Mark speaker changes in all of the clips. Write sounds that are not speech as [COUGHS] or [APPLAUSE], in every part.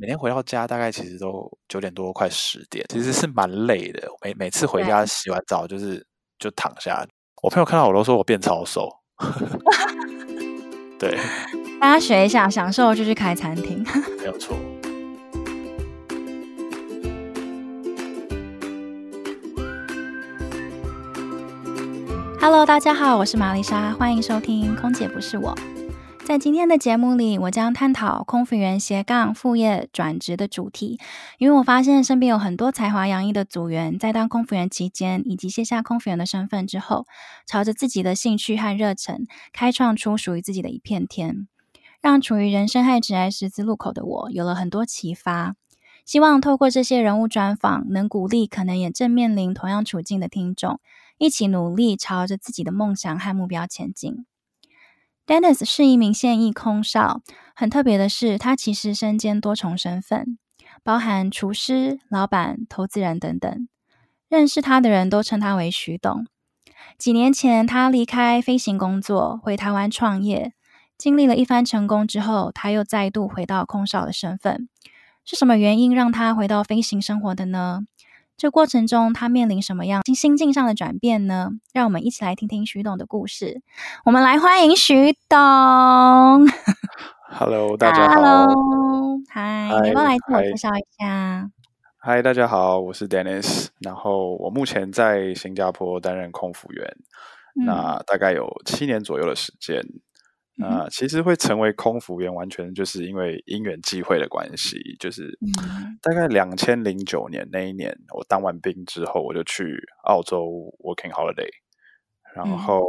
Speaker 1: 每天回到家大概其實都九點多快十點，其實是蠻累的。每每次回家洗完澡就是、okay. 就躺下。我朋友看到我都說我變超瘦，
Speaker 2: [LAUGHS] [LAUGHS] 對，大家學一下，想瘦就去開餐廳。沒有錯。Hello，大家好，我是瑪麗莎，歡迎收聽《空姐不是我》。在今天的節目裡，我將探討空服員斜槓副業轉職的主題，因為我發現身邊有很多才華洋溢的組員，在當空服員期間，以及卸下空服員的身份之後，朝着自己的興趣和熱忱，開創出屬於自己的一片天，讓處於人生和職業十字路口的我有了很多啟發。希望透過這些人物專訪，能鼓勵可能也正面臨同樣處境的聽眾，一起努力朝着自己的夢想和目標前進。Dennis 是一名現役空少，很特別的是，他其實身兼多重身份，包含廚師、老闆、投資人等等。認識他的人都稱他為徐董。幾年前，他離開飛行工作，回台灣創業，經歷了一番成功之後，他又再度回到空少的身份。是什麼原因讓他回到飛行生活的呢？這過程中，他面臨什麼樣心心境上的轉變呢？讓我們一起來聽聽徐董的故事。我們來歡迎徐董。Hello，大家好。Hi, hello，嗨。你們來自我介紹一下。
Speaker 1: Hi，, Hi 大家好，我是 Dennis。然後我目前在新加坡擔任控服員、嗯，那大概有七年左右的時間。啊、 [NOISE] 呃，其實會成為空服員，完全就是因為因緣際會的關係。就是大概兩千零九年那一年、嗯，我當完兵之後，我就去澳洲 working holiday，然後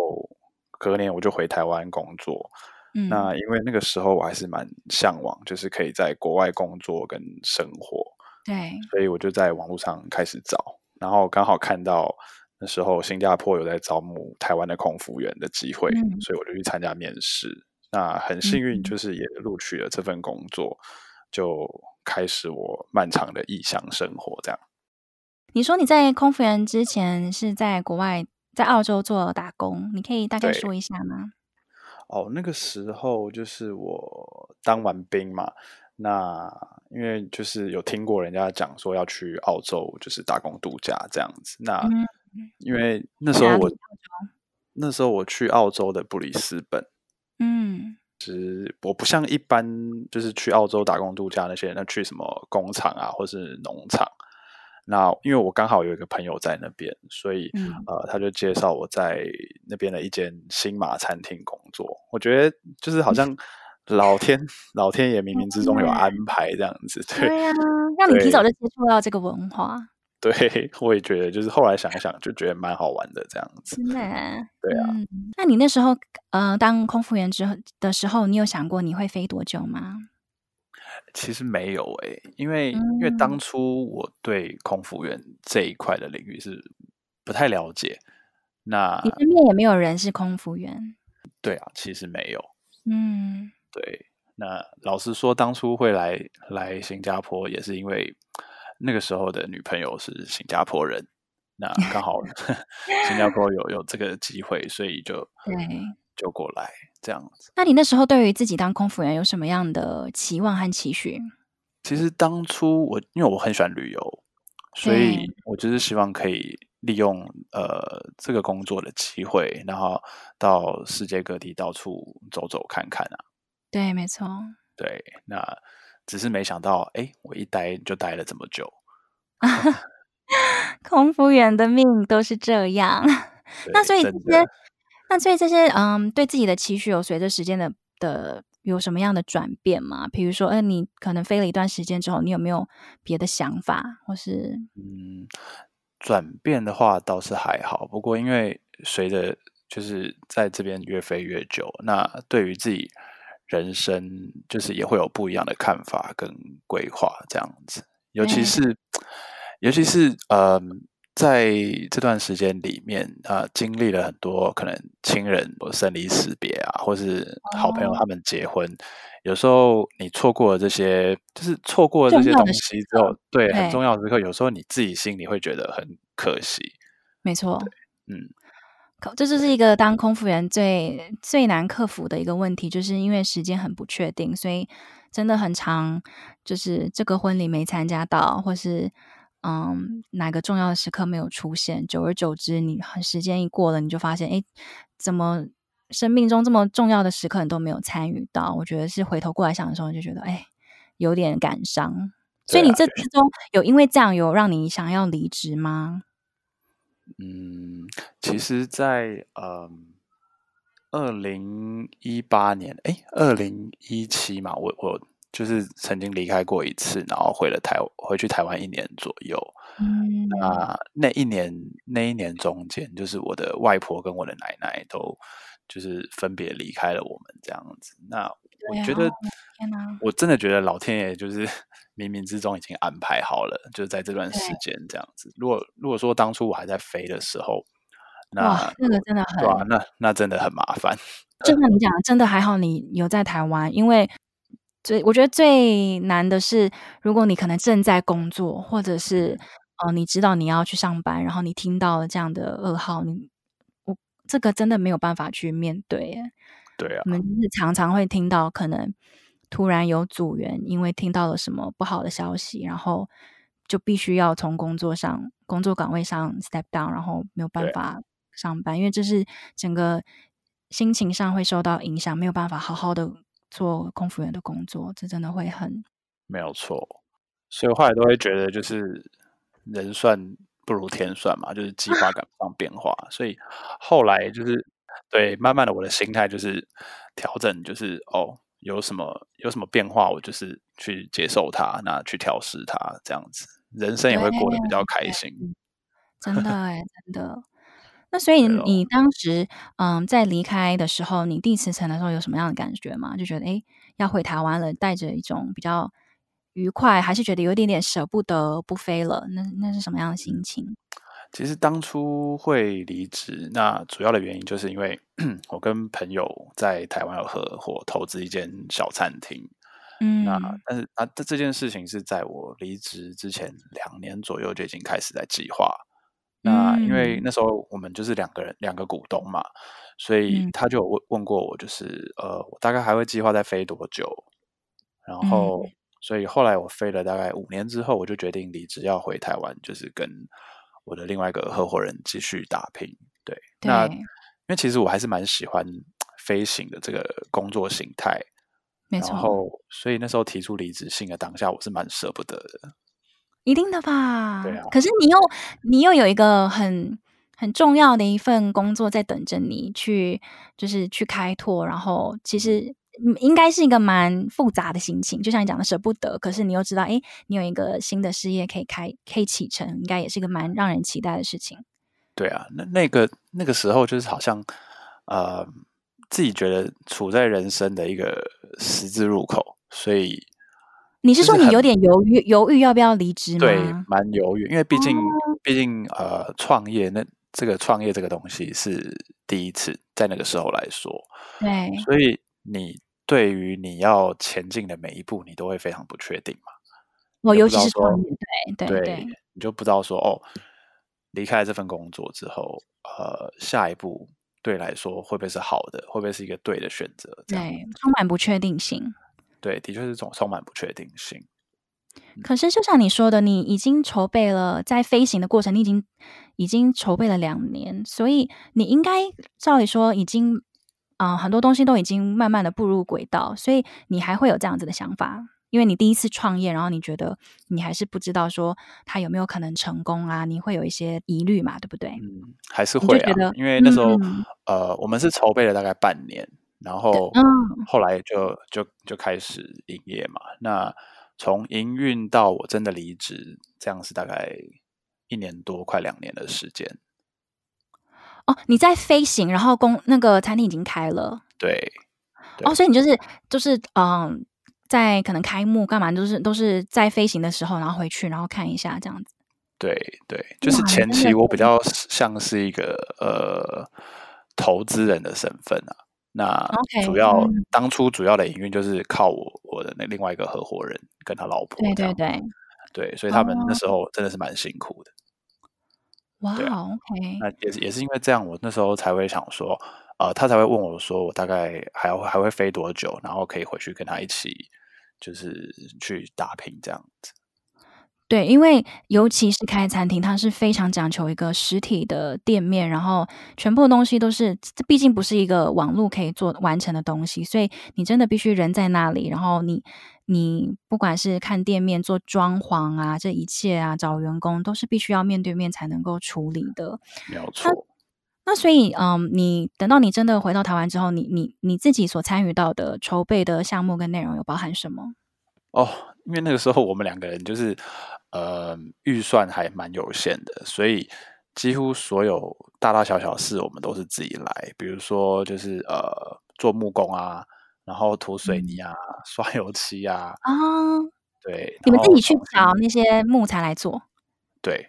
Speaker 1: 隔年我就回台灣工作、嗯。那因為那個時候我還是蠻向往，就是可以在國外工作跟生活，
Speaker 2: 對、嗯，
Speaker 1: 所以我就在網絡上開始找，然後剛好看到那時候新加坡有在招募台灣的空服員的機會、嗯，所以我就去參加面試。那很幸運，就是也錄取了這份工作、嗯，就開始我漫長的異鄉生活。這樣，
Speaker 2: 你說你在空服員之前是在國外，在澳洲做打工，你可以大概說一下嗎、
Speaker 1: 欸？哦，那個時候就是我當完兵嘛，那因為就是有聽過人家講說要去澳洲就是打工度假這樣子。那因為那時候我，、嗯、我那時候我去澳洲的布里斯本。嗯，其、就、實、是、我不像一般就是去澳洲打工度假那些人，那去什麼工廠啊，或是農場。那因為我剛好有一個朋友在那邊，所以、嗯、呃，他就介紹我在那邊的一間新馬餐廳工作。我覺得就是好像老天、嗯、老天爺冥冥之中有安排這樣子，嗯、對，對呀、啊，讓你提早就
Speaker 2: 接觸到這個文化。
Speaker 1: 對，我也覺得，就是後來想一想，就覺得蠻好玩的這樣子。真的，啊， [LAUGHS]
Speaker 2: 對啊、嗯。那你那時候，嗯、呃，當空服員之後的時候，你有想過你會飛多久嗎？
Speaker 1: 其實沒有誒、欸，因為、嗯、因為當初我對空服員這一塊的領域是不太了解。那，
Speaker 2: 你身邊也沒有人是空服員？
Speaker 1: 對啊，其實沒有。嗯，對。那老實說，當初會來來新加坡，也是因為。那個時候的女朋友是新加坡人，那剛好 [LAUGHS] 新加坡有有這個機會，所以就對、嗯、就過來這樣
Speaker 2: 子。那你那時候對於自己當空服員有什麼樣的期望和期許？
Speaker 1: 其實當初我因為我很喜歡旅遊，所以我就是希望可以利用呃這個工作的機會，然後到世界各地到處走走看看啊。
Speaker 2: 對，沒錯。
Speaker 1: 對，那。只是沒想到，哎，我一待就待了這麼久。
Speaker 2: [LAUGHS] [LAUGHS] 空服員的命都是這樣。嗯、 [LAUGHS] 那所以這些，那所以這些，嗯，對自己的期許有隨着時間的的有什麼樣的轉變嗎？比如說，嗯、呃，你可能飛了一段時間之後，你有沒有別的想法，或是
Speaker 1: 嗯，轉變的話倒是還好。不過，因為隨着就是在這邊越飛越久，那對於自己。人生就是也會有不一樣的看法跟規劃，這樣子，尤其是，尤其是呃，在這段時間裡面啊、呃，經歷了很多可能親人的生離死別啊，或是好朋友他們結婚，有時候你錯過了這些，就是錯過了這些東西之後，對，很重要的時刻，有時候你自己心裡會覺得很可惜，
Speaker 2: 沒錯，嗯。可這就是一個當空服員最最難克服的一個問題，就是因為時間很不確定，所以真的很常，就是這個婚禮沒參加到，或是嗯，哪個重要的時刻沒有出現，久而久之，你很，時間一過了，你就發現，哎，怎麼生命中這麼重要的時刻你都沒有參與到？我覺得是回頭過來想的時候，就覺得哎，有點感傷。啊、所以你這之中有因為這樣有讓你想要離職嗎？
Speaker 1: 嗯，其實在，在嗯，二零一八年，哎，二零一七嘛，我我就是曾經離開過一次，然後回了台，回去台灣一年左右。嗯，那、啊、那一年，那一年中間，就是我的外婆跟我的奶奶都就是分別離開了我們這樣子。那我覺得，哦啊、我真的覺得老天爺就是。冥冥之中已經安排好了，就是在這段時間這樣子。如果如果說當初我還在飛的時候，那那
Speaker 2: 個真的很
Speaker 1: 那那真的很麻煩。
Speaker 2: 就跟你講真的還好你有在台灣，因為最我覺得最難的是，如果你可能正在工作，或者是哦、呃、你知道你要去上班，然後你聽到了這樣的噩耗，你我這個真的沒有辦法去面對。對啊，我們就是常常會聽到可能。突然有組員因為聽到了什麼不好的消息，然後就必須要從工作上、工作崗位上 step down，然後沒有辦法上班，因為這是整個心情上會受到影響，沒有辦法好好的做空服員的工作，這真的會很
Speaker 1: 沒有錯。所以我後來都會覺得，就是人算不如天算嘛，就是計劃趕不上變化。 [LAUGHS] 所以後來就是對，慢慢的我的心態就是調整，就是哦。有什麼有什麼變化，我就是去接受它，那去調適它，這樣子，人生也會過得比較開心。
Speaker 2: 真的，哎，真的。 [LAUGHS] 那所以你當時，嗯，在離開的時候，你遞辭呈的時候有什麼樣的感覺嗎？就覺得哎，要回台灣了，帶着一種比較愉快，還是覺得有點點捨不得，不飛了。那那是什麼樣的心情？
Speaker 1: 其實當初會離職，那主要的原因就是因為 [COUGHS] 我跟朋友在台灣有合夥投資一間小餐廳。嗯，那但是啊，這這件事情是在我離職之前兩年左右就已經開始在計劃，嗯。那因為那時候我們就是兩個人，兩個股東嘛，所以他就有問過我，就是、嗯、呃，我大概還會計劃在飛多久，然後、嗯，所以後來我飛了大概五年之後，我就決定離職要回台灣，就是跟我的另外一個合夥人繼續打拼，對，對，那因為其實我還是蠻喜歡飛行的這個工作形態，
Speaker 2: 沒錯。然後，
Speaker 1: 所以那時候提出離職信的當下，我是蠻捨不得
Speaker 2: 的，一定的吧？對啊。可是你又你又有一個很很重要的一份工作在等着你去，就是去開拓。然後，其實。應該是一個蠻複雜的心情，就像你講的捨不得，可是你又知道，哎，你有一個新的事業可以開，可以啟程，應該也是一個蠻讓人期待的事情。
Speaker 1: 對啊，那那個那個時候就是好像呃，自己覺得處在人生的一個十字路口，所以
Speaker 2: 你是說你有點猶豫，就是，猶豫要不要離職嗎？對，
Speaker 1: 蠻猶豫，因為畢竟、哦、畢竟呃，創業那這個創業這個東西是第一次，在那個時候來說，
Speaker 2: 對，嗯、所
Speaker 1: 以你。對於你要前進的每一步，你都會非常不確定嘛？我尤其是創業，對對對，你就不知道說哦，離開這份工作之後，呃，下一步對來說會不會是好的？會不會是一個對的選
Speaker 2: 擇？對，充滿不確定性。
Speaker 1: 對，的確是種充滿不確定性。
Speaker 2: 可是，就像你說的，你已經籌備了，在飛行的過程，你已經已經籌備了兩年，所以你應該照理說已經。啊、呃，很多東西都已經慢慢的步入軌道，所以你還會有這樣子的想法，因為你第一次創業，然後你覺得你還是不知道說它有沒有可能成功啊，你會有一些疑慮嘛，對不對？嗯，
Speaker 1: 還是會啊，因為那時候嗯嗯呃，我們是籌備了大概半年，然後嗯，後來就、嗯、就就開始營業嘛，那從營運到我真的離職，這樣是大概一年多快兩年的時間。
Speaker 2: 哦，你在飛行，然後公那個餐廳已經開了，對。對哦，所以你就是就是嗯，呃，在可能開幕幹嘛，就是都是在飛行的時候，然後回去，然後看一下這樣子。
Speaker 1: 對對，就是前期我比較像是一個呃投資人的身份啊。那
Speaker 2: 主要 Okay，嗯，
Speaker 1: 當初主要的營運就是靠我我的那另外一個合夥人跟他老婆。對對對。對，所以他們那時候真的是蠻辛苦的。哦。哇，wow，OK，那也是也是因為這樣，我那時候才會想說，呃，他才會問我說，我大概還要還會飛多久，然後可以回去跟他一起，就是去打拼這樣
Speaker 2: 子。對，因為尤其是開餐廳，它是非常講求一個實體的店面，然後全部的東西都是，這畢竟不是一個網絡可以做完成的東西，所以你真的必須人在那裡，然後你你不管是看店面、做裝潢啊，這一切啊，找員工都是必須要面對面才能夠處理的。沒錯。那所以，嗯，你等到你真的回到台灣之後，你你你自己所參與到的籌備的項目跟內容有包含什麼？
Speaker 1: 哦，因為那個時候我們兩個人就是。呃，預算還蠻有限的，所以幾乎所有大大小小事我們都是自己來。比如說，就是呃，做木工啊，然後塗水泥啊，刷油漆啊。
Speaker 2: 啊、嗯，
Speaker 1: 對、哦，你們自己
Speaker 2: 去找那些木材來做。對，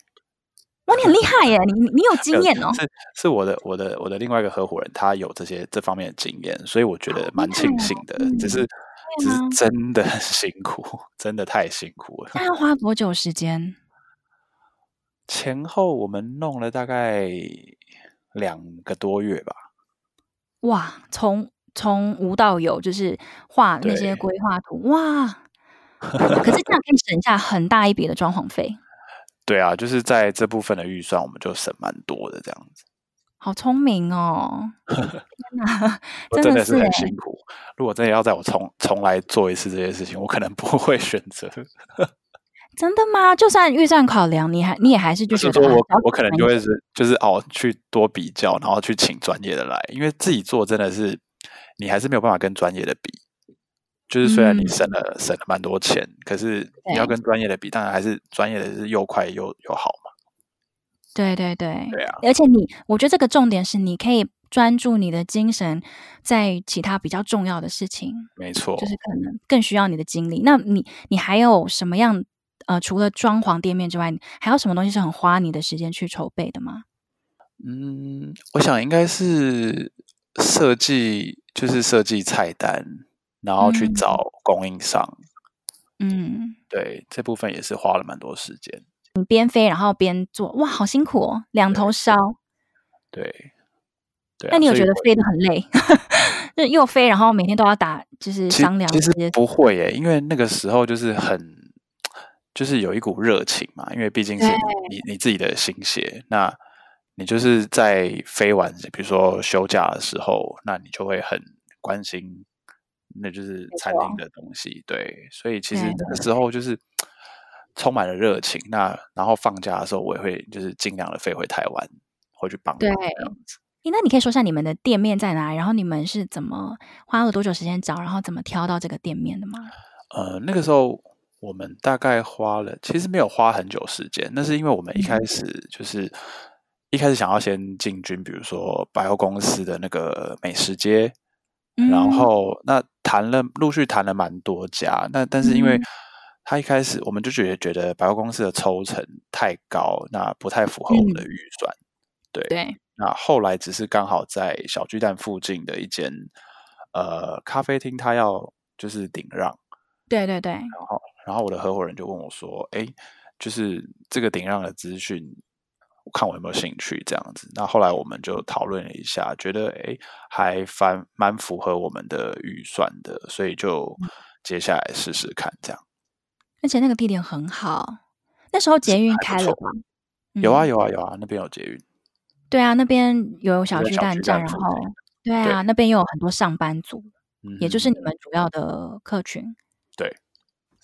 Speaker 2: 哇，你很厲害耶！你你有經驗哦。是
Speaker 1: 是我的我的我的另外一個合夥人，他有這些這方面的經驗，所以我覺得蠻慶幸的，哦、只是。是、啊、真的很辛苦，真的太辛苦
Speaker 2: 了。那要花多久時間？
Speaker 1: 前後我們弄了大概兩個多月吧。
Speaker 2: 哇，從從無到有，就是畫那些規劃圖。哇，可是這樣可以省下很大一筆的裝潢費。
Speaker 1: [LAUGHS] 對啊，就是在這部分的預算，我們就省蠻多的這樣子。
Speaker 2: 好聰明哦！天哪， [LAUGHS] 真的是很辛苦。
Speaker 1: [LAUGHS] 如果真的要在我重 [LAUGHS] 重來做一次這些事情，我可能不會選擇。
Speaker 2: [LAUGHS] 真的嗎？就算預算考量，你還你也還是就是做我我可能就會是
Speaker 1: 就是哦去多比較，然後去請專業的來，因為自己做真的是你還是沒有辦法跟專業的比。就是雖然你省了、嗯、省了蠻多錢，可是你要跟專業的比，當然還是專業的是又快又又好嘛。
Speaker 2: 對對對，對啊，而且你，我覺得這個重點是，你可以專注你的精神在其他比較重要的事情。沒錯，就是可能更需要你的精力。那你，你還有什麼樣？呃，除了裝潢店面之外，還有什麼東西是很花你的時間去籌備的嗎？
Speaker 1: 嗯，我想應該是設計，就是設計菜單，然後去找供應商。嗯，對，這部分也是花了蠻多時間。
Speaker 2: 你邊飛然後邊做，哇，好辛苦哦，兩頭燒。
Speaker 1: 對，對對啊，那你有覺得飛
Speaker 2: 得很累？ [LAUGHS] 又飛，然後每天都要打，就是商量。其實，其實不
Speaker 1: 會耶，因為那個時候就是很，就是有一股熱情嘛，因為畢竟是你你自己的心血。那你就是在飛完，比如說休假的時候，那你就會很關心，那就是餐廳的東西。對，所以其實那個時候就是。充滿了熱情。那然後放假的時候，我也會就是盡量的飛回台灣，回去幫忙。
Speaker 2: 對那，那你可以說下你們的店面在哪？然後你們是怎麼花了多久時間找，然後怎麼挑到這個店面的嗎？
Speaker 1: 呃，那個時候我們大概花了，其實沒有花很久時間。那是因為我們一開始就是、嗯、一開始想要先進軍，比如說百貨公司的那個美食街，嗯、然後那談了陸續談了蠻多家。那但是因為、嗯他一開始我們就覺得覺得百貨公司的抽成太高，那不太符合我們的預算。嗯、對對，那後來只是剛好在小巨蛋附近的一間呃咖啡廳，他要就是頂讓。
Speaker 2: 對對對。然
Speaker 1: 後，然後我的合夥人就問我說：“哎，就是這個頂讓的資訊，我看我有沒有興趣？”這樣子。那後來我們就討論了一下，覺得哎還蠻符合我們的預算的，所以就接下來試試看這樣。
Speaker 2: 而且那個地點很好，那時候捷運開了
Speaker 1: 嗎？有啊有啊有啊、嗯，那邊有捷運。
Speaker 2: 對啊，那邊有小巨蛋站，蛋然後，對，然後對啊，那邊又有很多上班族、嗯，也就是你們主要的客群。
Speaker 1: 對，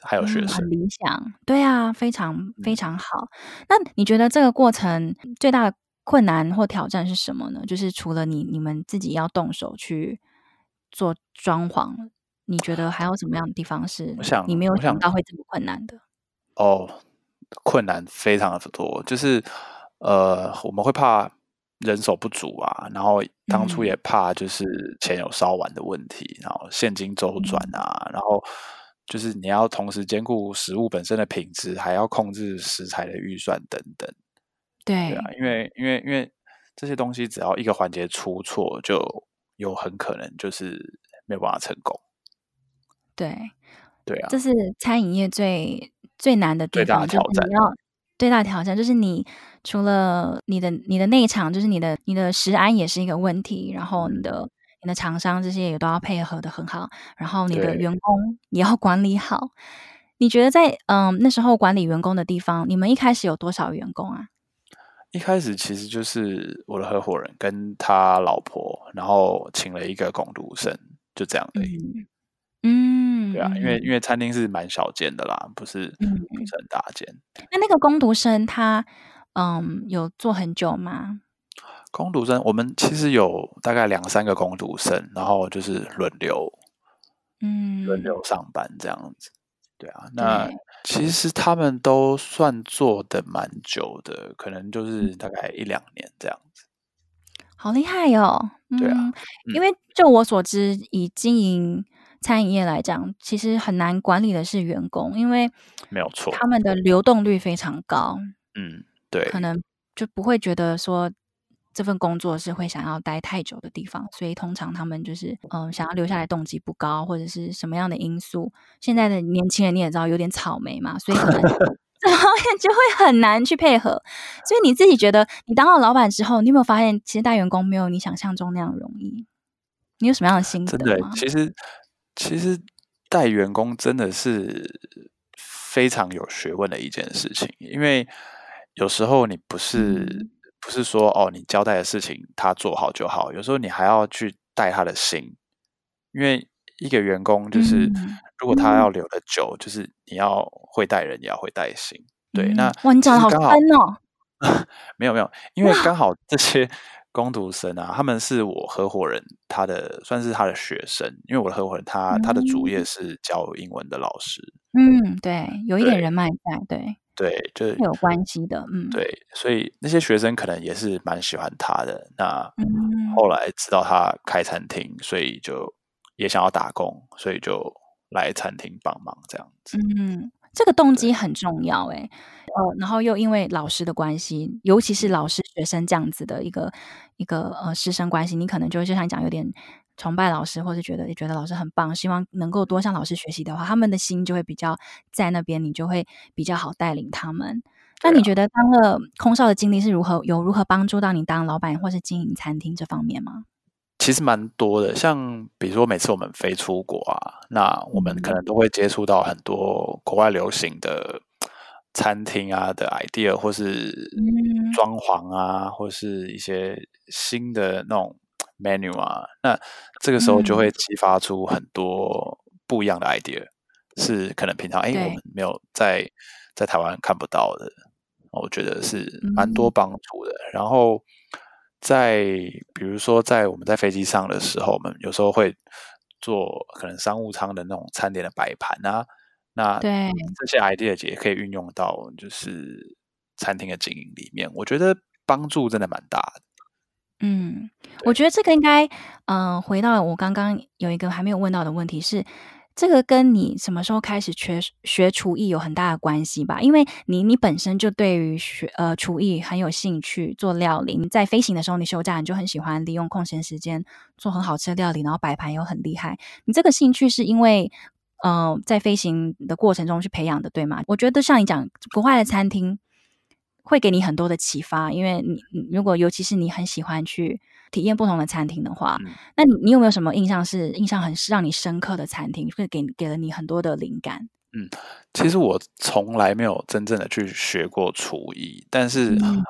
Speaker 1: 還有學生，嗯、很理
Speaker 2: 想。對啊，非常非常好、嗯。那你覺得這個過程最大的困難或挑戰是什麼呢？就是除了你你們自己要動手去做裝潢。你覺得還有什麼樣的地方是，我想，你沒有想到會這麼困難的？
Speaker 1: 哦，困難非常的多，就是呃，我們會怕人手不足啊，然後當初也怕就是錢有燒完的問題、嗯，然後現金周轉啊、嗯，然後就是你要同時兼顧食物本身的品質，還要控制食材的預算等等。對，對啊，因為因為因為這些東西，只要一個環節出錯，就有很可能就是沒有辦法成功。
Speaker 2: 對，對啊，這是餐飲業最最難的地方，就是你要最大挑戰，就是你，對、就是、你除了你的你的內場，就是你的你的食安也是一個問題，然後你的你的廠商這些也都要配合的很好，然後你的員工也要管理好。對你覺得在嗯、呃、那時候管理員工的地方，你們一開始有多少員工啊？
Speaker 1: 一開始其實就是我的合夥人跟他老婆，然後請了一個工讀生，就這樣而已。嗯。嗯對啊，因為因為餐廳是蠻小間的啦，不是很成大間、
Speaker 2: 嗯。那那個工讀生他，嗯，有做很久嗎？
Speaker 1: 工讀生，我們其實有大概兩三個工讀生，然後就是輪流，
Speaker 2: 嗯，輪
Speaker 1: 流上班這樣子。對啊，那其實他們都算做的蠻久的，可能就是大概一兩年這樣
Speaker 2: 子。好厲害哦！嗯、對啊、嗯，因為就我所知，以經營。餐飲業來講，其實很難管理的是員工，因為沒有錯，他們的流動率非常高。嗯，
Speaker 1: 對，可
Speaker 2: 能就不會覺得說這份工作是會想要待太久的地方，所以通常他們就是嗯、呃、想要留下來動機不高，或者是什麼樣的因素。現在的年輕人你也知道有點草莓嘛，所以可能老闆就會很難去配合。 [LAUGHS] 所以你自己覺得你當了老板之後，你有沒有發現其實帶員工沒有你想象中那樣容易？你有什麼樣的心得嗎？其實。
Speaker 1: 其實帶員工真的是非常有學問的一件事情，因為有時候你不是、嗯、不是說哦，你交代的事情他做好就好，有時候你還要去帶他的心，因為一個員工就是如果他要留得久，嗯、就是你要會帶人，也要會帶心。
Speaker 2: 對，嗯、那哇，你長得好 man 哦，
Speaker 1: 沒有沒有，因為剛好這些。工讀生啊，他們是我合夥人，他的算是他的學生，因為我的合夥人他、嗯、他的主業是教英文的老師，
Speaker 2: 嗯，對，對，有一點人脈在，對，
Speaker 1: 對，就是有
Speaker 2: 關係的，嗯，對，
Speaker 1: 所以那些學生可能也是蠻喜歡他的，那、嗯、後來知道他開餐廳，所以就也想要打工，所以就來餐廳幫忙這樣
Speaker 2: 子，嗯。這個動機很重要，欸，誒呃，然後又因為老師的關係，尤其是老師學生這樣子的一個一個呃師生關係，你可能就會就像你講，有點崇拜老師，或是覺得也覺得老師很棒，希望能夠多向老師學習的話，他們的心就會比較在那邊，你就會比較好帶領他們。啊，那你覺得當了空少的經歷是如何有如何幫助到你當老闆或是經營餐廳這方面嗎？
Speaker 1: 其實蠻多的，像比如說每次我們飛出國啊、嗯，那我們可能都會接觸到很多國外流行的餐廳啊的 idea，或是裝潢啊，嗯、或是一些新的那種 menu 啊，那這個時候就會激發出很多不一樣的 idea，、嗯、是可能平常哎我們沒有在在台灣看不到的，我覺得是蠻多幫助的，嗯、然後。在比如說，在我們在飛機上的時候，我們有時候會做可能商務艙的那種餐點的擺盤啊，那對，這些 idea 也可以運用到就是餐廳的經營裡面，我覺得幫助真的蠻大的。
Speaker 2: 嗯，我覺得這個應該，嗯、呃，回到我剛剛有一個還沒有問到的問題是。這個跟你什麼時候開始學學廚藝有很大的關係吧，因為你你本身就對於學呃廚藝很有興趣，做料理。你在飛行的時候，你休假你就很喜歡利用空閒時間做很好吃的料理，然後擺盤又很厲害。你這個興趣是因為呃，在飛行的過程中去培養的，對嗎？我覺得像你講國外的餐廳，會給你很多的啟發，因為你如果尤其是你很喜歡去體驗不同的餐廳的話，那你你有沒有什麼印象是印象很讓你深刻的餐廳，會給給了你很多的靈感？
Speaker 1: 嗯，其實我從來沒有真正的去學過廚藝，但是、
Speaker 2: 嗯、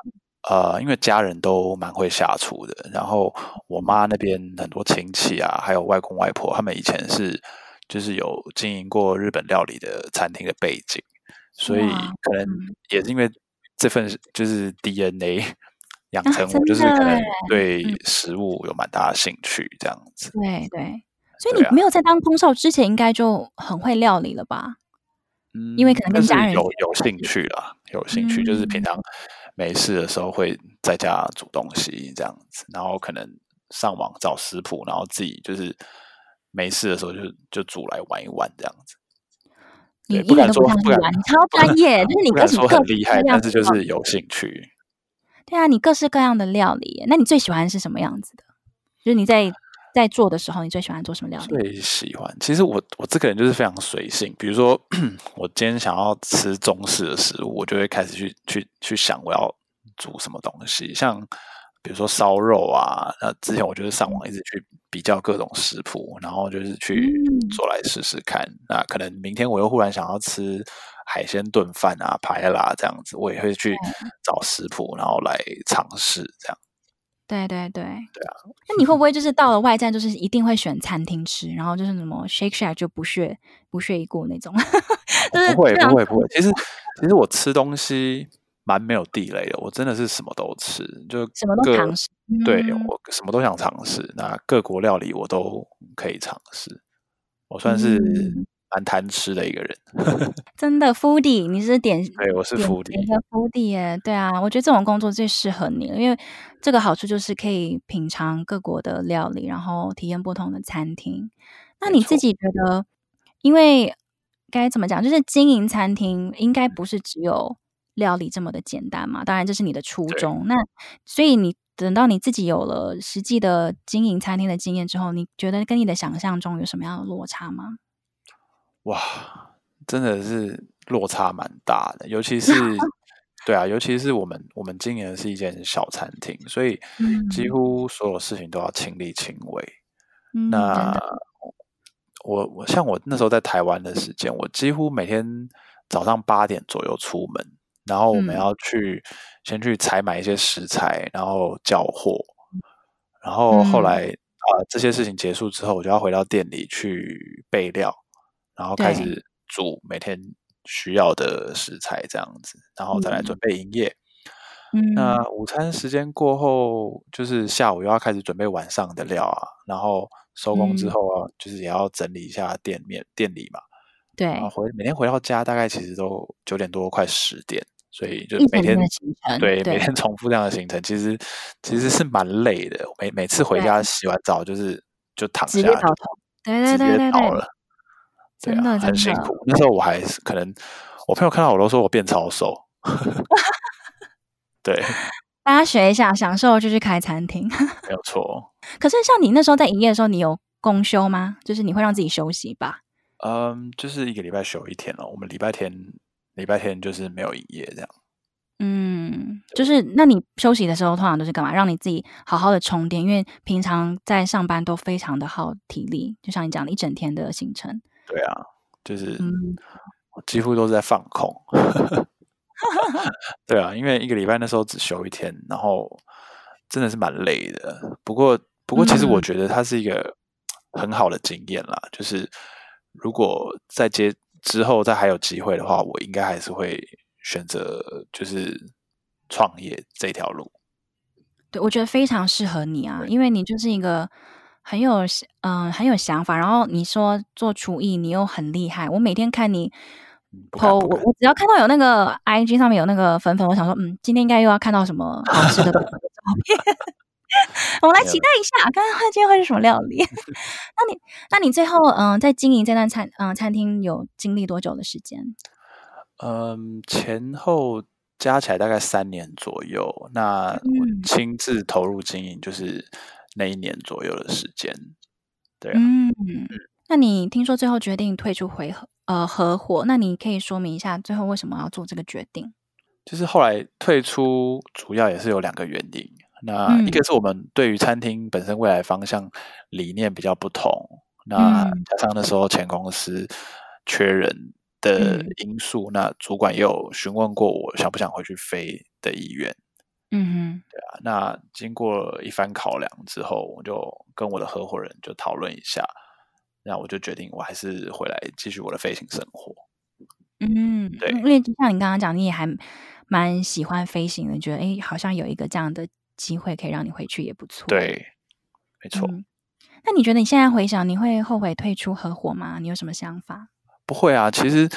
Speaker 1: 呃，因為家人都蠻會下廚的，然後我媽那邊很多親戚啊，還有外公外婆，他們以前是就是有經營過日本料理的餐廳的背景，所以可能也是因為。這份就是 DNA，啊、養成，我就是可能對食物有蠻大的興趣，這樣
Speaker 2: 子。嗯嗯、對對，對，啊、所以你沒有在當空少之前，應該就很會料理了吧？嗯，因為可能跟家人有
Speaker 1: 有興趣啦，有興趣，有興趣、嗯、就是平常沒事的時候會在家煮東西這樣子，然後可能上網找食譜，然後自己就是沒事的時候就就煮來玩一玩這樣子。
Speaker 2: 你一點都不啊，你超專業。就是你各種很厲害，但是就是有興趣。對。對啊，你各式各樣的料理，那你最喜歡是什麼樣子的？就是你在在做的時候，你最喜歡做什麼料理？
Speaker 1: 最喜歡。其實我我這個人就是非常隨性。比如說，我今天想要吃中式的食物，我就會開始去去去想我要煮什麼東西，像。比如說燒肉啊，那之前我就是上網一直去比較各種食譜，然後就是去做來試試看，嗯。那可能明天我又忽然想要吃海鮮燉飯啊、排拉、啊，這樣子，我也會去找食譜，嗯、然後來嘗試這樣。
Speaker 2: 對對對。對啊，那你會不會就是到了外站，就是一定會選餐廳吃，然後就是什麼 shake shack 就不屑不屑一顧那種？ [LAUGHS] 就是、不會、啊、不會不會。其實
Speaker 1: 其實我吃東西。蠻沒有地雷的，我真的是什麼都吃，就各什麼都嘗試。嗯、對，我什麼都想嘗試，那各國料理我都可以嘗試。我算是蠻貪吃的一個人。
Speaker 2: 嗯、 [LAUGHS] 真的，foodie，你是典型？
Speaker 1: 對，我是 foodie，foodie
Speaker 2: 耶。對啊，我覺得這種工作最適合你，因為這個好處就是可以品嘗各國的料理，然後體驗不同的餐廳。那你自己覺得，因為該怎麼講，就是經營餐廳應該不是只有。料理這麼的簡單嘛？當然，這是你的初衷。那所以你等到你自己有了實際的經營餐廳的經驗之後，你覺得跟你的想象中有什麼樣的落差嗎？
Speaker 1: 哇，真的是落差蠻大的，尤其是 [LAUGHS] 對啊，尤其是我們我們經營的是一間小餐廳，所以幾乎所有事情都要親力親為。嗯、那我我像我那時候在台灣的時間，我幾乎每天早上八點左右出門。然後我們要去先去採買一些食材，嗯、然後叫貨，然後後來、嗯、啊這些事情結束之後，我就要回到店裡去備料，然後開始煮每天需要的食材這樣子，然後再來準備營業、嗯。那午餐時間過後，就是下午又要開始準備晚上的料啊，然後收工之後啊，嗯、就是也要整理一下店面店裡嘛。對，然後回每天回到家大概其實都九點多快十點。所以就每天，天對，對每天重複這樣的行程，其實其實是蠻累的。每每次回家洗完澡，就是、okay. 就躺下來，對對對對，
Speaker 2: 直接倒了。對，對，對，對，真的對、啊、很辛苦，很辛苦。
Speaker 1: 那時候我還是可能，我朋友看到我都說我變超瘦。 [LAUGHS] [LAUGHS] 對，
Speaker 2: 大家學一下，享受就去開餐廳， [LAUGHS] 沒有錯。可是像你那時候在營業的時候，你有公休嗎？就是你會讓自己休息吧？
Speaker 1: 嗯，就是一個禮拜休一天哦。我們禮拜天。禮拜天就是沒有營業這樣，
Speaker 2: 嗯，就是那你休息的時候通常都是幹嘛？讓你自己好好的充電，因為平常在上班都非常的耗體力。就像你講，一整天的行程，
Speaker 1: 對啊，就是，嗯、
Speaker 2: 我
Speaker 1: 幾乎都是在放空。 [LAUGHS] 對啊，因為一個禮拜那時候只休一天，然後真的是蠻累的。不過，不過其實我覺得它是一個很好的經驗啦、嗯。就是如果在接。之後再還有機會的話，我應該還是會選擇就是創業這條路。
Speaker 2: 對，我覺得非常適合你啊，因為你就是一個很有嗯、呃、很有想法，然後你說做廚藝你又很厲害，我每天看你 po，我我只要看到有那個 IG 上面有那個粉粉，我想說嗯今天應該又要看到什麼好吃的照片。 [LAUGHS] [LAUGHS] [LAUGHS] 我們來期待一下，看看今天會是什麼料理。 [LAUGHS] 那你，那你最後，嗯、呃，在經營這段餐，嗯、呃，餐廳有經歷多久的時間？
Speaker 1: 嗯，前後加起來大概三年左右。那我親自投入經營就是那一年左右的時間，對啊。嗯，
Speaker 2: 那你聽說最後決定退出回合，呃，合夥，那你可以說明一下，最後為什麼要做這個決定？
Speaker 1: 就是後來退出，主要也是有兩個原因。那一個是我們對於餐廳本身未來方向理念比較不同，嗯，那加上那時候前公司缺人的因素，嗯，那主管也有詢問過我想不想回去飛的意願。
Speaker 2: 嗯哼，
Speaker 1: 對啊。那經過一番考量之後，我就跟我的合夥人就討論一下，那我就決定我還是回來繼續我的飛行生活。
Speaker 2: 嗯，對，因為就像你剛剛講，你也還蠻喜歡飛行的，覺得誒，好像有一個這樣的。機會可以讓你回去也不錯。對，
Speaker 1: 沒錯。嗯、
Speaker 2: 那你覺得你現在回想，你會後悔退出合夥嗎？你有什麼想法？
Speaker 1: 不會啊，其實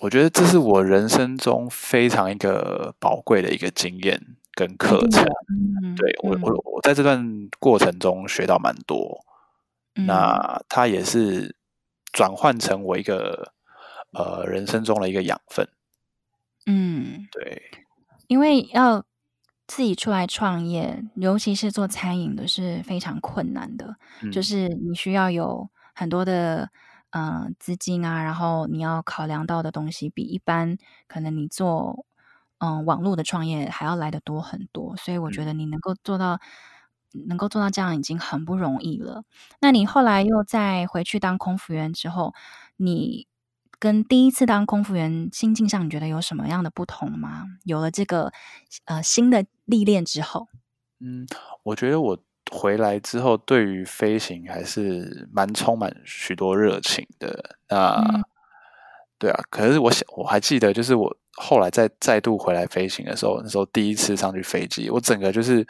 Speaker 1: 我覺得這是我人生中非常一個寶貴的一個經驗跟課程。啊、對，嗯，對，嗯，我，我我在這段過程中學到蠻多。嗯、那他也是轉換成為一個呃人生中的一個養分。
Speaker 2: 嗯，對，因為要。自己出來創業，尤其是做餐飲的是非常困難的，嗯、就是你需要有很多的嗯、呃、資金啊，然後你要考量到的東西比一般可能你做嗯、呃、網絡的創業還要來得多很多，所以我覺得你能夠做到、嗯、能夠做到這樣已經很不容易了。那你後來又再回去當空服員之後，你。跟第一次當空服員心境上，你覺得有什麼樣的不同嗎？有了這個呃新的歷練之後，
Speaker 1: 嗯，我覺得我回來之後，對於飛行還是蠻充滿許多熱情的。那、嗯、對啊，可是我想我還記得，就是我後來再再度回來飛行的時候，那時候第一次上去飛機，我整個就是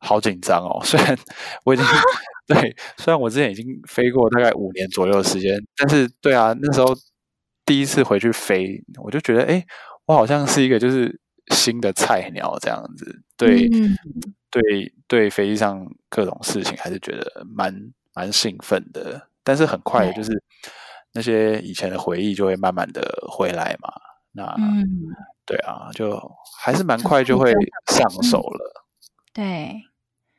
Speaker 1: 好緊張哦。雖然我已經 [LAUGHS] 對，雖然我之前已經飛過大概五年左右的時間，但是對啊，那時候。第一次回去飛，我就覺得，誒，我好像是一個就是新的菜鳥這樣子，對，對、嗯嗯、對，對飛機上各種事情還是覺得蠻蠻興奮的，但是很快就是那些以前的回憶就會慢慢的回來嘛，嗯、那，對啊，就還是蠻快就會上手
Speaker 2: 了，嗯嗯、對。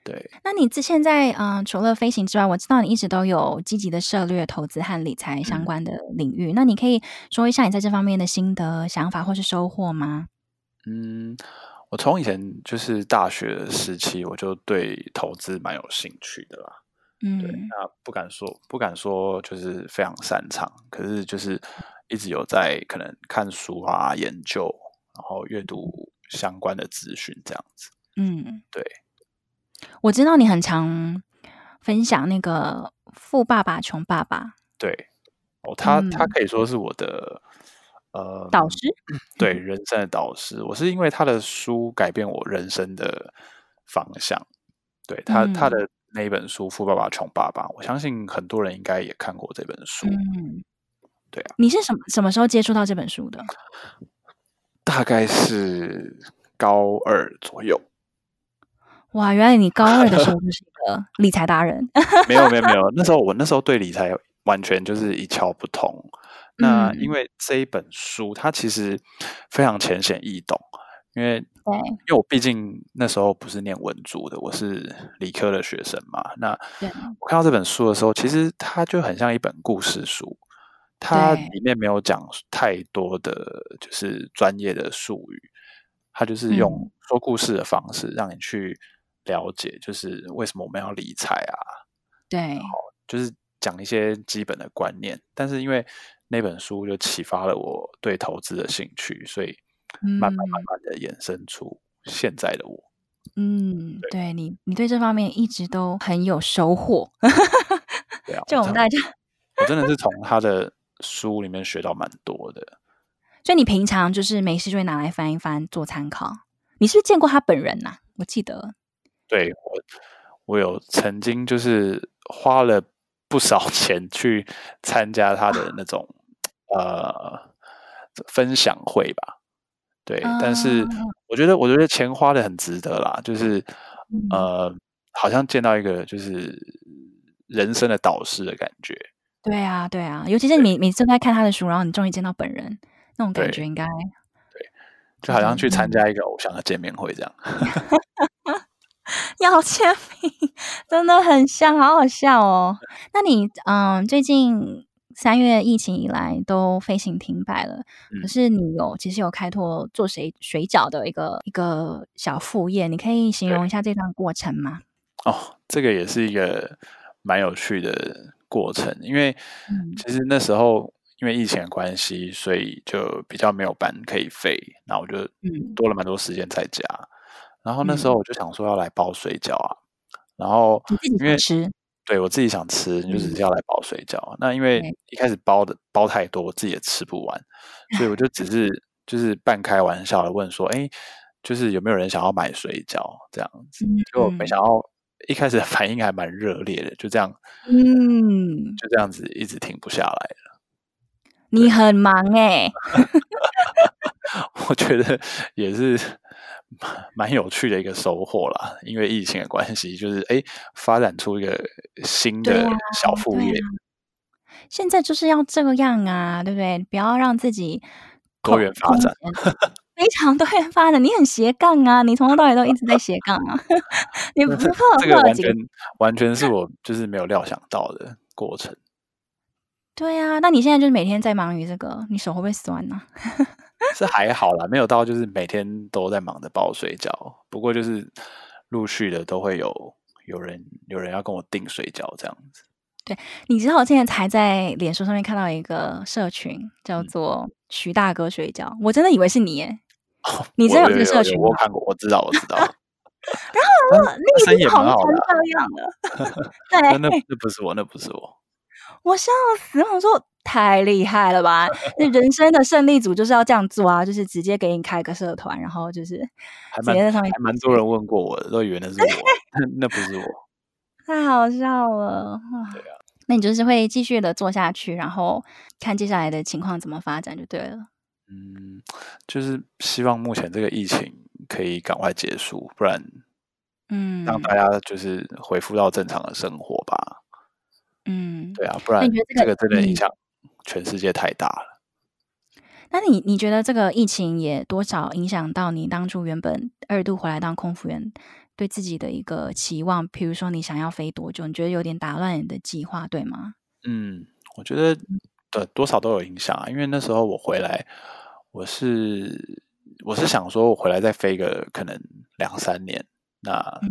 Speaker 2: 對，那你自現在、呃、除了飛行之外，我知道你一直都有積極的涉獵投資和理財相關的領域、嗯。那你可以說一下你在這方面的心得、想法或是收穫嗎？嗯，
Speaker 1: 我從以前就是大學時期，我就對投資蠻有興趣的啦。
Speaker 2: 嗯，對，
Speaker 1: 那不敢說，不敢說就是非常擅長，可是就是一直有在可能看書啊、研究，然後閱讀相關的資訊這樣子。嗯嗯，對。
Speaker 2: 我知道你很常分享那個《富爸爸窮爸爸》
Speaker 1: 對，對哦，他、嗯、他可以說是我的呃導師，對人生的導師。我是因為他的書改變我人生的方向，對他、嗯、他的那一本書《富爸爸窮爸爸》，我相信很多人應該也看過這本
Speaker 2: 書。嗯，對啊，你是什麼什麼時候接觸到這本書的？
Speaker 1: 大概是高二左右。
Speaker 2: 哇，原來你高二的時候就是個 [LAUGHS] 理財達大人。 [LAUGHS] 沒有沒有沒有，
Speaker 1: 那時候我那時候對理財完全就是一竅不通、嗯。
Speaker 2: 那因
Speaker 1: 為這一本書它其實非常淺顯易懂，因為因為我畢竟那時候不是念文組的，我是理科的學生嘛。那我看到這本書的時候，其實它就很像一本故事書，它裡面沒有講太多的，就是專業的術語，它就是用說故事的方式讓你去了解，就是為什麼我們要理財啊？
Speaker 2: 對，
Speaker 1: 就是講一些基本的觀念。但是因為那本書就啟發了我對投資的興趣，所以慢慢慢慢的衍生出現在的我。
Speaker 2: 嗯，對，嗯對你，你對這方面一直都很有收穫。 [LAUGHS]
Speaker 1: 對啊、就我們大家我， [LAUGHS] 我真的是從他的書裡面學到蠻多的。
Speaker 2: 所以你平常就是沒事就會拿來翻一翻做參考。你是不是見過他本人吶、啊？我記得。
Speaker 1: 對我，我有曾經就是花了不少錢去參加他的那種、啊、呃分享會吧，對，嗯、但是我覺得我覺得錢花的很值得啦，就是呃好像見到一個就是人生的導師的感覺。
Speaker 2: 對啊，對啊，尤其是你你正在看他的書，然後你終於見到本人那種感覺，應該對，對，
Speaker 1: 就好像去參加一個偶像的見面會這樣。嗯 [LAUGHS]
Speaker 2: 要簽名，真的很像，好好笑哦。那你嗯，最近三月疫情以來都飛行停擺了，嗯、可是你有其實有開拓做水水餃的一個一個小副業，你可以形容一下這段過程嗎？
Speaker 1: 哦，這個也是一個蠻有趣的過程，因為其實那時候因為疫情的關係，所以就比較沒有班可以飛，那我就多了蠻多時間在家。嗯然後那時候我就想說要來包水餃啊、嗯，然後因為吃，對我自己想吃，就是要來包水餃、嗯。那因為一開始包的包太多，我自己也吃不完，所以我就只是、嗯、就是半開玩笑的問說：“哎，就是有沒有人想要買水餃？”這樣子，嗯、就沒想到一開始反應還蠻熱烈的，就這樣，嗯，就這樣子一直停不下來了。
Speaker 2: 你很忙哎、欸， [LAUGHS] 我
Speaker 1: 覺得也是。蠻有趣的一個收穫啦，因為疫情的關係，就是哎，發展出一個新的小副業，對啊，對
Speaker 2: 啊。現在就是要這樣啊，對不對？不要讓自己
Speaker 1: 多元發展，
Speaker 2: 非常多元發展。 [LAUGHS] 你很斜槓啊，你從頭到尾都一直在斜槓啊。 [LAUGHS] 你不是 [LAUGHS] 這個完全
Speaker 1: 完全是我就是沒有料想到的過程。
Speaker 2: [LAUGHS] 對啊，那你現在就是每天在忙於這個，你手會不會酸呢、啊？ [LAUGHS]
Speaker 1: [LAUGHS] 是還好啦，沒有到就是每天都在忙着包水餃。不過就是陸續的都會有有人有人要跟我訂水餃這樣
Speaker 2: 子。對，你知道我現在才在臉書上面看到一個社群，叫做徐大哥水餃、嗯、我真的以為是你耶！ [LAUGHS] 你真有這個社群嗎？我，有有有
Speaker 1: 有我看過，我知道，我知道。
Speaker 2: 然後那你聲音也蠻好的、啊，樣的。
Speaker 1: 對，那那不是我，那不是我。
Speaker 2: 我笑死了！我說太厲害了吧？那 [LAUGHS] 人生的勝利組就是要這樣做啊，就是直接給你開個社團，然後就是上面還，還蠻
Speaker 1: 多人問過我的，都以為那是我， [LAUGHS] 那不是我，
Speaker 2: 太好笑了。對啊，那你就是會繼續的做下去，然後看接下來的情況怎麼發展就對了。
Speaker 1: 嗯，就是希望目前這個疫情可以趕快結束，不然，
Speaker 2: 嗯，讓
Speaker 1: 大家就是恢復到正常的生活吧。嗯，對啊，不然你覺得這個真的影響全世界太大了。嗯，
Speaker 2: 那你你覺得這個疫情也多少影響到你當初原本二度回來當空服員對自己的一個期望？比如說你想要飛多久？你覺得有點打亂你的計劃，對嗎？嗯，
Speaker 1: 我覺得的多少都有影響啊。因為那時候我回來，我是我是想說我回來再飛個可能兩三年，那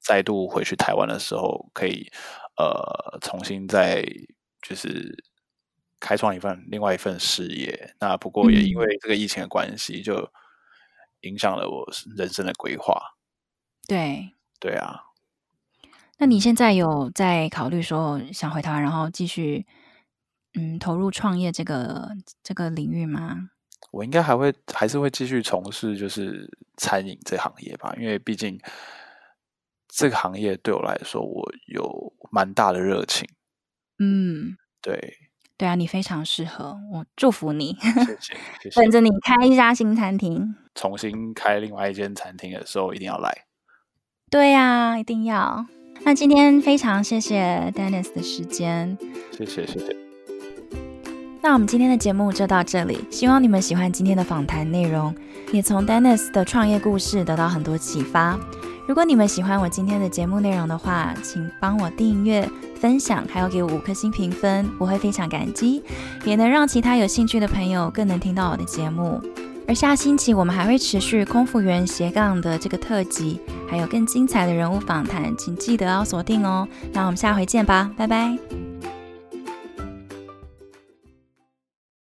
Speaker 1: 再度回去台灣的時候可以。呃，重新再就是開創一份另外一份事業。那不過也因為這個疫情的關係，就影響了我人生的規劃。嗯。
Speaker 2: 對，對啊。那你現在有在考慮說想回台灣，然後繼續嗯投入創業這個這個領域嗎？
Speaker 1: 我應該還會還是會繼續從事就是餐飲這行業吧，因為畢竟。這個行業對我來說，我有蠻大的熱情。嗯，對，
Speaker 2: 對啊，你非常適合，我祝福你。謝謝，等 [LAUGHS] 着你開一家新餐廳，
Speaker 1: 重新開另外一間餐廳的時候一定要來。
Speaker 2: 對呀、啊，一定要。那今天非常謝謝 Dennis 的時間，
Speaker 1: 謝謝謝謝。
Speaker 2: 那我們今天的節目就到這裡，希望你們喜歡今天的訪談內容，也從 Dennis 的創業故事得到很多啟發。如果你們喜歡我今天的節目內容的話，請幫我訂閱、分享，還有給我五顆星評分，我會非常感激，也能讓其他有興趣的朋友更能聽到我的節目。而下星期我們還會持續《空服員斜槓》的這個特輯，還有更精彩的人物訪談，請記得要鎖定哦。那我們下回見吧，拜拜。